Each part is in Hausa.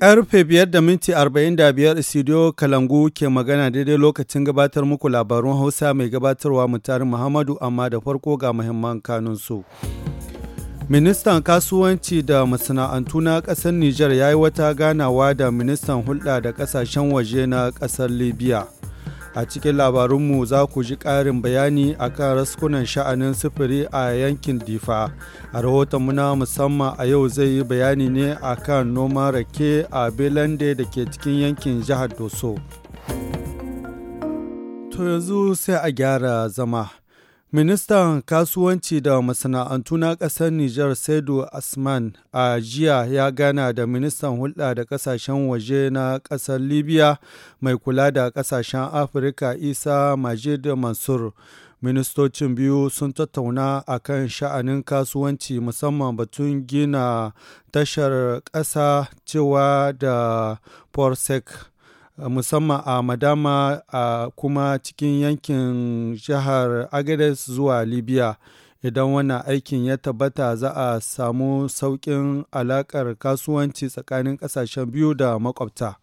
Karfe biyar da minti arba'in da biyar Studio Kalangu ke magana daidai lokacin gabatar muku labarun Hausa mai gabatarwa mutari Muhammadu amma da farko ga muhimman kanunsu. Ministan kasuwanci da masana'antu na ƙasar Nijar ya yi wata ganawa da ministan hulɗa da ƙasashen waje na ƙasar Libya. a cikin labarunmu za ku ji ƙarin bayani a kan raskunan sha'anin sufuri a yankin difa a rahoton muna musamman a yau zai yi bayani ne a kan noman rake a belande da ke cikin yankin jihar doso to yanzu sai a gyara zama Ministan Kasuwanci da Masana'antu na ƙasar Nijar Saidu Asman a jiya ya gana da ministan hulɗa da ƙasashen waje na ƙasar Libya mai kula da ƙasashen Afirka Isa Majid Mansur. ministocin biyu sun tattauna a kan sha'anin kasuwanci musamman batun gina tashar ƙasa cewa da forsec musamman a madama a kuma cikin yankin jihar agades zuwa libya idan wannan aikin ya tabbata za a samu sauƙin alaƙar kasuwanci tsakanin ƙasashen biyu da makwabta.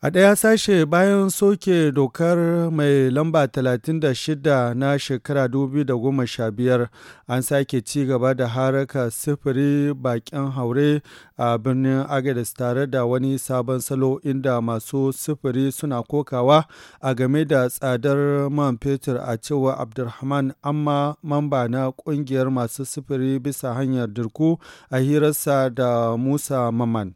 A ɗaya sashe bayan soke dokar mai lamba 36 na shekara 2015 an sake ci gaba da haraka sifiri bakin haure a birnin Agadis, tare da wani sabon salo inda masu sifiri suna kokawa a game da tsadar man fetur a cewa Abdulrahman amma mamba na ƙungiyar masu sifiri bisa hanyar dirku a hirarsa da Musa Maman.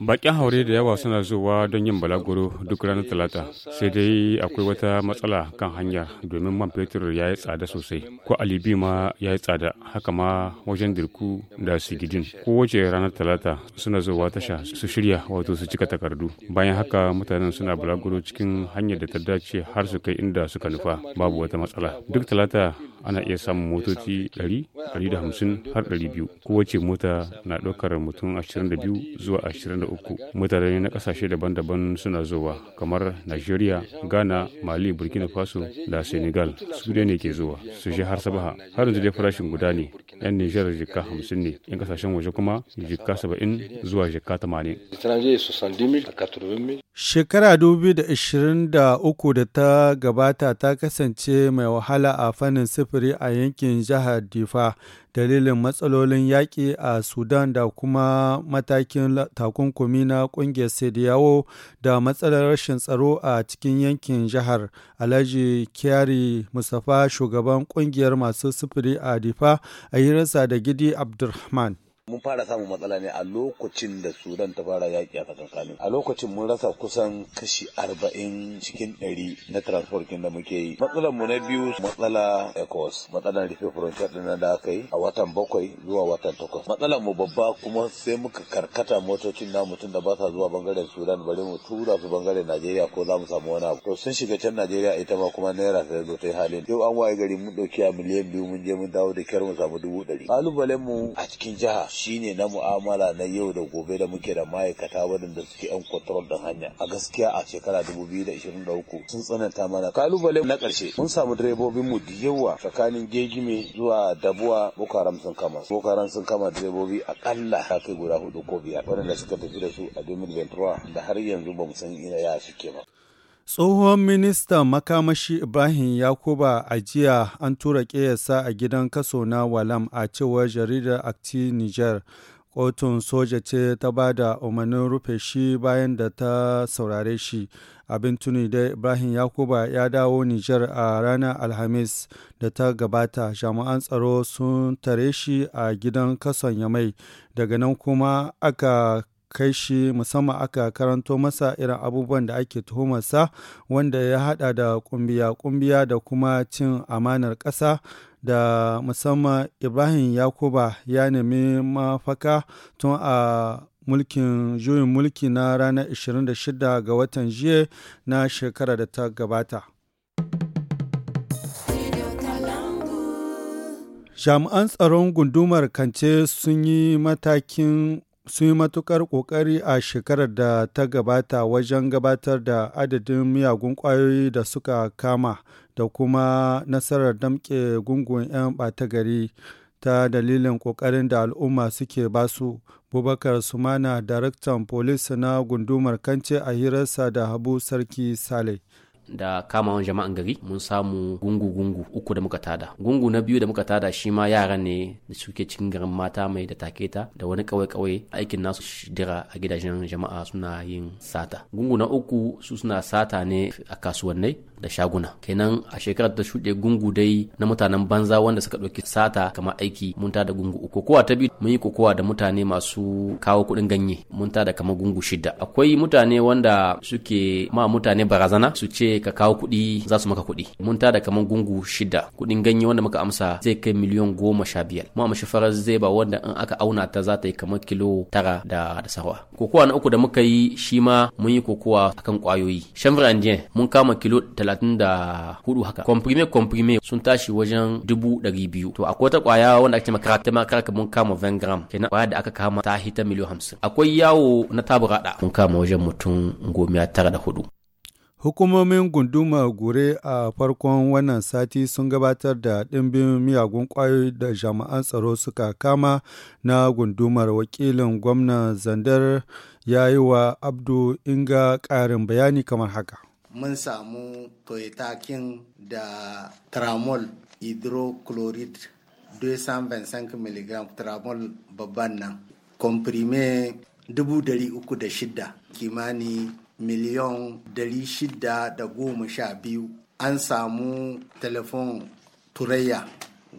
Bakin haure da yawa suna zuwa don yin balaguro duk ranar Talata, sai dai akwai wata matsala kan hanya domin man fetur ya yi tsada sosai, ko alibi ma ya yi tsada, haka ma wajen dirku da sigidin. Kowace ranar Talata suna zuwa tasha su shirya wato su cika takardu. Bayan haka mutanen suna balaguro cikin hanyar da ta dace har su kai inda suka nufa babu wata matsala. Duk Talata ana iya samun motoci 100 150 har 200 kowace mota na ɗaukar mutum 22 zuwa 23 mutane na ƙasashe daban-daban suna zuwa kamar nigeria ghana mali burkina faso da senegal su ne ke zuwa su shi har sabaha har yanzu dai farashin guda ne yan nijar jikka 50 ne yan kasashen waje kuma jikka 70 zuwa jikka 80 Shekara 2023 da ta gabata ta kasance mai wahala a fannin sifili sufuri a yankin jihar Difa dalilin matsalolin yaƙi a Sudan da kuma matakin takunkumi na ƙungiyar Sediyawo da matsalar rashin tsaro a cikin yankin jihar. Alhaji Kyari Mustapha shugaban ƙungiyar masu sufuri a Difa a rasa da Gidi Abdulrahman. mun fara samun matsala ne a lokacin da sudan ta fara yaƙi a tsakankanin a lokacin mun rasa kusan kashi arba'in cikin ɗari na transport kin da muke yi matsalar mu na biyu matsala ecos matsalar rufe frontier ɗin da aka a watan bakwai zuwa watan takwas matsalar mu babba kuma sai muka karkata motocin n'a mutum da ba sa zuwa bangaren sudan bari mu tura su bangaren najeriya ko za mu samu wani abu to sun shiga can najeriya ita ma kuma naira ta zo ta yi halin yau an waye gari mun ɗauki a miliyan biyu mun je mun dawo da kyar mu samu dubu ɗari ƙalubalen mu a cikin jiha shine na mu'amala na yau da gobe da muke da ma'aikata waɗanda suke yan kwatarar din hanya a gaskiya a shekara 2023 sun tsananta mana kalubale na ƙarshe mun samu direbobin mu da yawa tsakanin gegime zuwa dabuwa bukaram sun kama bukaram sun kama direbobi aƙalla. ta kai guda hudu ko biyar waɗanda suka tafi da su a 2023 da har yanzu ba mu san ina ya suke ba Tsohon ministan makamashi Ibrahim Yakuba a jiya an tura ƙeyarsa a gidan kaso na Walam a cewar jaridar Akti Niger. Kotun soja ce ta ba da umarnin rufe shi bayan da ta saurare shi. Abin tuni dai Ibrahim Yakuba ya dawo Nijar a ranar Alhamis da ta gabata. Jami'an tsaro sun tare shi a gidan kason Yamai. Daga nan kuma aka kai shi musamman aka karanto masa irin abubuwan da ake tuhumarsa wanda ya hada da kumbiya-kumbiya da kuma cin amanar ƙasa da musamman ibrahim yakuba ya nemi mafaka tun a mulkin juyin mulki na ranar 26 ga watan jiya na shekara da ta gabata. jami'an tsaron gundumar kance sun yi matakin sun yi matukar ƙoƙari a shekarar da ta gabata wajen gabatar da adadin miyagun ƙwayoyi da suka kama da kuma nasarar damke gungun 'yan ɓata gari ta dalilin ƙoƙarin da al'umma suke basu bubakar sumana daraktan polis na gundumar kance a hirarsa da habu sarki sale. da kamawan jama'an gari mun samu gungu-gungu uku da muka tada gungu na biyu da muka tada shi ma yara ne da suke cikin garin mata mai da taketa da wani kawai-kawai aikin nasu shidira a gidajen jama'a suna yin sata gungu na uku su suna sata ne a kasuwannai da shaguna kenan a shekarar ta shuɗe gungu dai na mutanen banza wanda suka ɗauki sata kamar aiki mun tada gungu uku kowa ta biyu mun yi kokowa da mutane masu kawo kuɗin ganye mun tada kamar gungu shida akwai mutane wanda suke ma mutane barazana su ce ka kawo kuɗi za su maka kuɗi mun tada kaman gungu shida kuɗin ganye wanda muka amsa zai kai miliyon goma sha biyar mu amshi farar zai ba wanda in aka auna ta za ta yi kamar kilo tara da da sawa kokowa na uku da muka yi shi ma mun yi kokowa akan kwayoyi chanvre indien mun kama kilo talatin da hudu haka comprime comprime sun tashi wajen dubu ɗari biyu to akwai wata kwaya wanda ake makara ta makara mun kama 20 gram kenan kwaya da aka kama ta hita miliyon hamsin akwai yawo na taburaɗa mun kama wajen mutum goma tara da hudu Hukumomin gundumar Gure a farkon wannan sati sun gabatar da ɗimbin miyagun ƙwayoyi da jami'an tsaro suka kama na gundumar wakilin gwamnan Zandar ya yi wa Abdu Inga ƙarin bayani kamar haka. Mun samu toyetakin da tramol hydrochloride 225 mg tramol babban nan, komprime 306 kimani miliyan biyu. an samu telefon turayya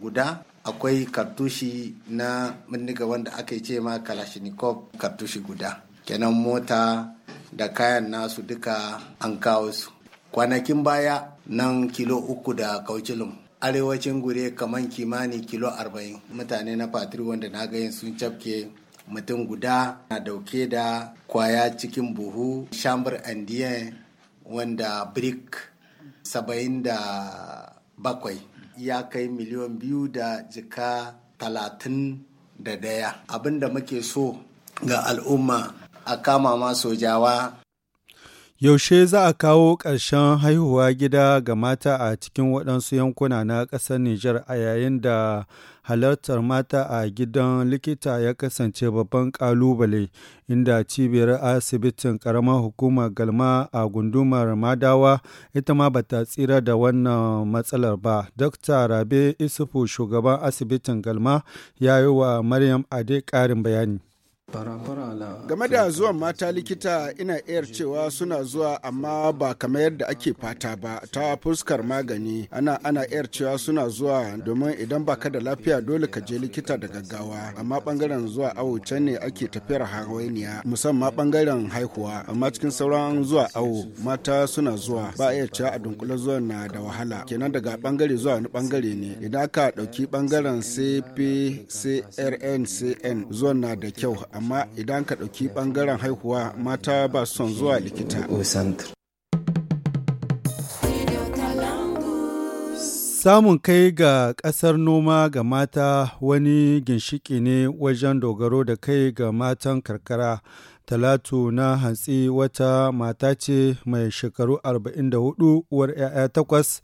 guda akwai kartushi na bindiga wanda aka ce ma kalashnikov kartushi guda kenan mota da kayan nasu duka an kawo su kwanakin baya nan kilo uku da kaucilin arewacin gure kamar kimani kilo arba'in mutane na patri wanda na ga sun cafke mutum guda na dauke da kwaya cikin buhu shambar andiyan wanda brick saba'in da bakwai ya kai miliyan biyu da jika talatin da daya abinda muke so ga al'umma a kama ma sojawa Yaushe za a kawo ƙarshen haihuwa gida ga mata a cikin waɗansu yankuna na ƙasar Nijar a yayin da halartar mata a gidan likita ya kasance babban ƙalubale inda cibiyar asibitin ƙaramar hukumar galma a gundumar madawa ita ma bata tsira da wannan matsalar ba. Dr. Rabe Isufu shugaban asibitin galma ya yi wa Maryam Ade ƙarin bayani. Game da zuwan mata likita ina iyar cewa suna zuwa amma ba kamar yadda ake fata ba ta fuskar magani ana ana iyar cewa suna zuwa domin idan ba ka da lafiya dole ka je likita da gaggawa amma bangaren zuwa awo can ne ake tafiyar hawainiya musamman bangaren haihuwa amma cikin sauran zuwa awo mata suna zuwa ba iya cewa a dunkule zuwa na da wahala kenan daga bangare zuwa wani bangare ne idan aka dauki bangaren cpcrncn zuwa na da kyau amma idan ka ɗauki ɓangaren haihuwa mata ba son zuwa likita. Samun kai ga ƙasar noma ga mata wani ginshiki ne wajen dogaro da kai ga matan karkara. Talatu na hantsi wata mata ce mai shekaru 44 uwar 'ya'ya takwas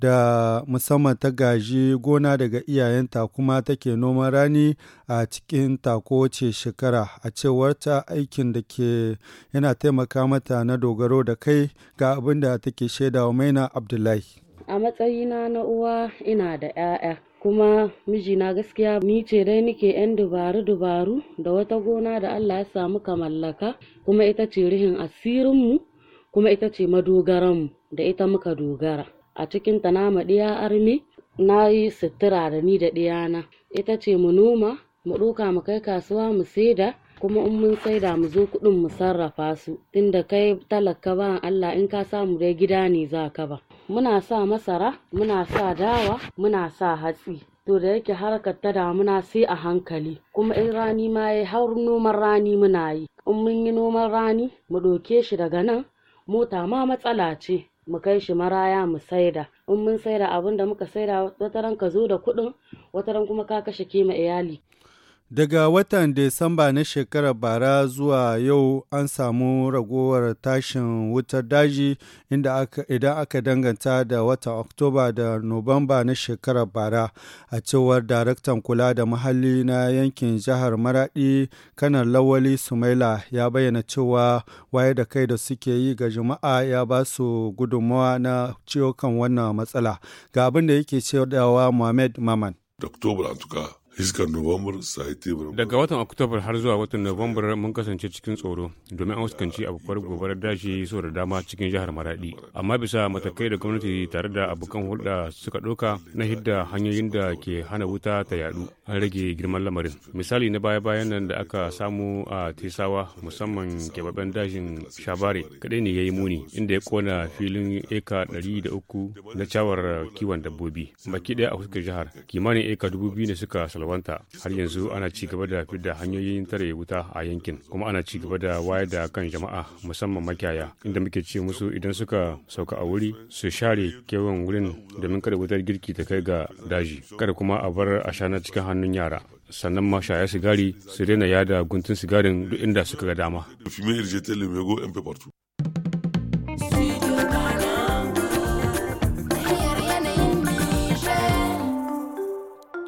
da musamman ta gaji gona daga iyayenta kuma take noman rani a cikin takowace shekara a cewar ta aikin da ke yana taimaka mata na dogaro da kai ga abin da take wa maina abdullahi a matsayina na uwa ina da 'ya'ya kuma mijina gaskiya ni ce dai nike 'yan dubaru-dubaru da wata gona da allah ya samu ka mallaka kuma ita ce rihin asirinmu kuma ita ce madogaranmu da ita muka dogara a cikin ta na ɗiya armi na yi sutura da ni da ɗaya na ita ce mu noma mu ɗoka mu kai kasuwa mu saida kuma in mun saida mu zo kuɗin mu sarrafa su tunda kai talaka ba Allah in ka samu dai gida ne za ka ba muna sa masara muna sa dawa muna sa hatsi to da yake harkar ta damuna sai a hankali kuma in rani ma ya har noman rani muna yi in mun yi noman rani mu ɗauke shi daga nan mota ma matsala ce mu kai shi maraya mu saida in mun saida abin da muka saida wataran ka zo da kuɗin wataran kuma ka kashe kima iyali Daga watan Disamba na shekarar bara zuwa yau an samu ragowar tashin wutar daji inda idan aka danganta da watan Oktoba da Nuwamba na shekarar bara a cewar daraktan kula da muhalli na yankin jihar Maradi kanar Lawali Sumaila ya bayyana cewa waye da kai da suke yi ga jama'a ya ba su gudunmawa na ciwo kan wannan matsala. Ga abin da yake cewa Mohamed Maman. Da Oktoba, fiskar Nuwambar, Daga watan oktoba har zuwa watan Nuwambar mun kasance cikin tsoro domin an fuskanci abokan gobarar dashi so da dama cikin jihar Maradi. Amma bisa matakai da gwamnati tare da abokan hulɗa suka ɗauka na hidda hanyoyin da ke hana wuta ta yadu an rage girman lamarin. Misali na baya-bayan nan da aka samu a Tesawa musamman keɓaɓɓen dashin Shabare kaɗai ne ya yi muni inda ya kona filin eka ɗari da uku na cawar kiwon dabbobi. Baki ɗaya a fuskar jihar kimanin eka dubu biyu ne suka salwa shugabanta har yanzu ana ci gaba da fidda hanyoyin tare wuta a yankin kuma ana ci gaba da wayar da kan jama'a musamman makiyaya inda muke ce musu idan suka sauka a wuri su share kewan wurin domin kada wutar girki ta kai ga daji kada kuma a bar ashana cikin hannun yara sannan shaya sigari su daina yada guntun sigarin duk inda suka ga dama.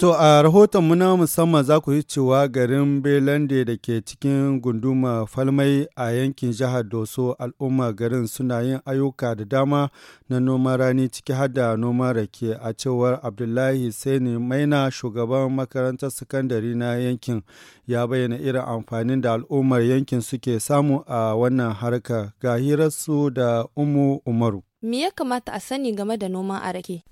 To a rahoton muna musamman za ku yi cewa garin Belande da ke cikin gunduma falmai a yankin jihar Doso al'umma garin suna yin ayyuka da dama na noman rani ciki har da noman rake a cewar Abdullahi Saini Maina shugaban makarantar sakandare na yankin ya bayyana irin amfanin da al'ummar yankin suke samu a wannan harka ga hirarsu da Umu Umaru. Me ya kamata a sani game da noman rake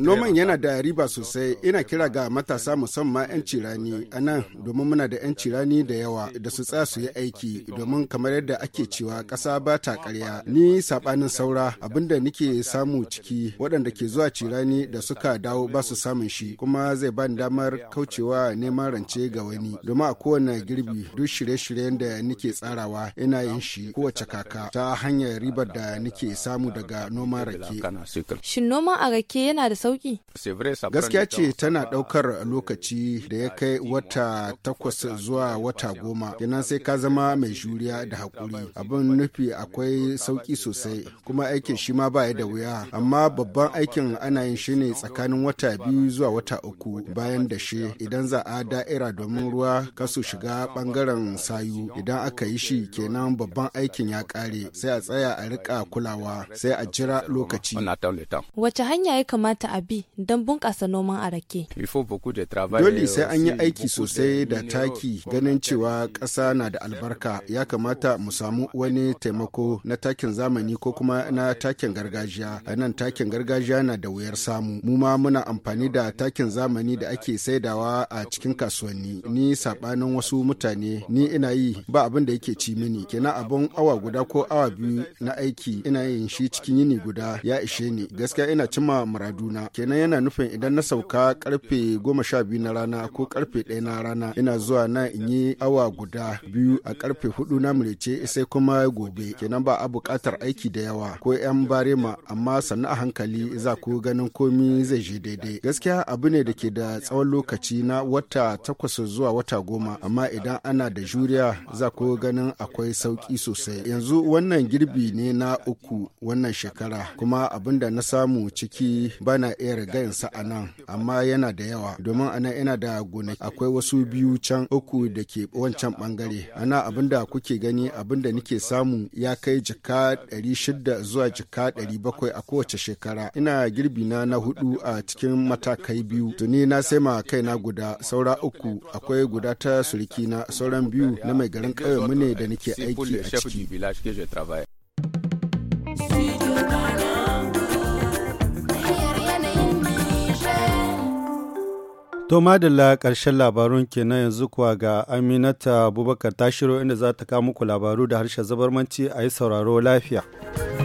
Noman yana da riba sosai, ina kira ga matasa musamman 'yan cirani a nan domin muna da 'yan cirani da yawa da su tsaya su yi aiki domin kamar yadda ake cewa ƙasa ba ta ƙarya. Ni saɓanin saura abinda nike samu ciki waɗanda ke zuwa cirani da suka dawo ba su samun shi kuma zai bani damar kaucewa neman rance ga wani domin a kowane girbi duk shirye-shiryen da nike tsarawa ina yin shi kowace kaka ta hanyar ribar da nike samu daga ga noman rake. Shin noman a rake yana da sauki? Gaskiya ce tana ɗaukar lokaci da ya kai wata takwas zuwa wata goma. Kenan sai ka zama mai juriya da haƙuri. Abin nufi akwai sauƙi sosai kuma aikin shi ma ba da wuya. Amma babban aikin ana yin shi ne tsakanin wata biyu zuwa wata uku bayan da shi idan za a da'ira domin ruwa kasu shiga ɓangaren sayu idan aka yi shi kenan babban aikin ya ƙare, sai a tsaya a rika kulawa sai a jira lokaci. Wace hanya ya kamata a bi don bunƙasa noman arake? Dole sai an yi aiki sosai da taki ganin cewa ƙasa na da albarka ya kamata mu samu wani taimako na takin zamani ko kuma na takin gargajiya. A nan takin gargajiya na da wuyar samu. Mu ma muna amfani da takin zamani da ake saidawa a cikin kasuwanni. Ni saɓanin wasu mutane ni ina yi ba abin da yake ci mini. kina abun awa guda ko awa biyu na aiki ina yin shi cikin yini guda ya ishe ni gaskiya ina cimma muraduna kenan yana nufin idan na sauka karfe goma sha biyu na rana ko karfe ɗaya na rana ina zuwa na in yi awa guda biyu a karfe hudu na murece sai kuma gobe kenan ba a buƙatar aiki da yawa ko yan barema amma sannu a hankali za ku ganin komi zai je daidai gaskiya abu ne da ke da tsawon lokaci na wata takwas zuwa wata goma amma idan ana da juriya za ku ganin akwai sauki sosai yanzu wannan girbi ne na uku wannan shekara kuma abin da na samu ciki bana iya rigayin sa a nan amma yana da yawa domin ana yana da gonaki akwai wasu biyu can uku da ke wancan bangare ana abin da kuke gani abin da nake samu ya kai jika 600 zuwa jika 700 a kowace shekara ina girbi na na hudu a cikin matakai biyu tuni na sai ma kaina guda saura uku akwai guda ta suriki sauran biyu na mai garin ƙauyenmu ne da nike aiki a ciki To madalla ƙarshen labarun ke kenan yanzu kuwa ga Aminata Abubakar ta shiro inda za ta kawo muku labaru da harshen zabarmanci a yi sauraro lafiya.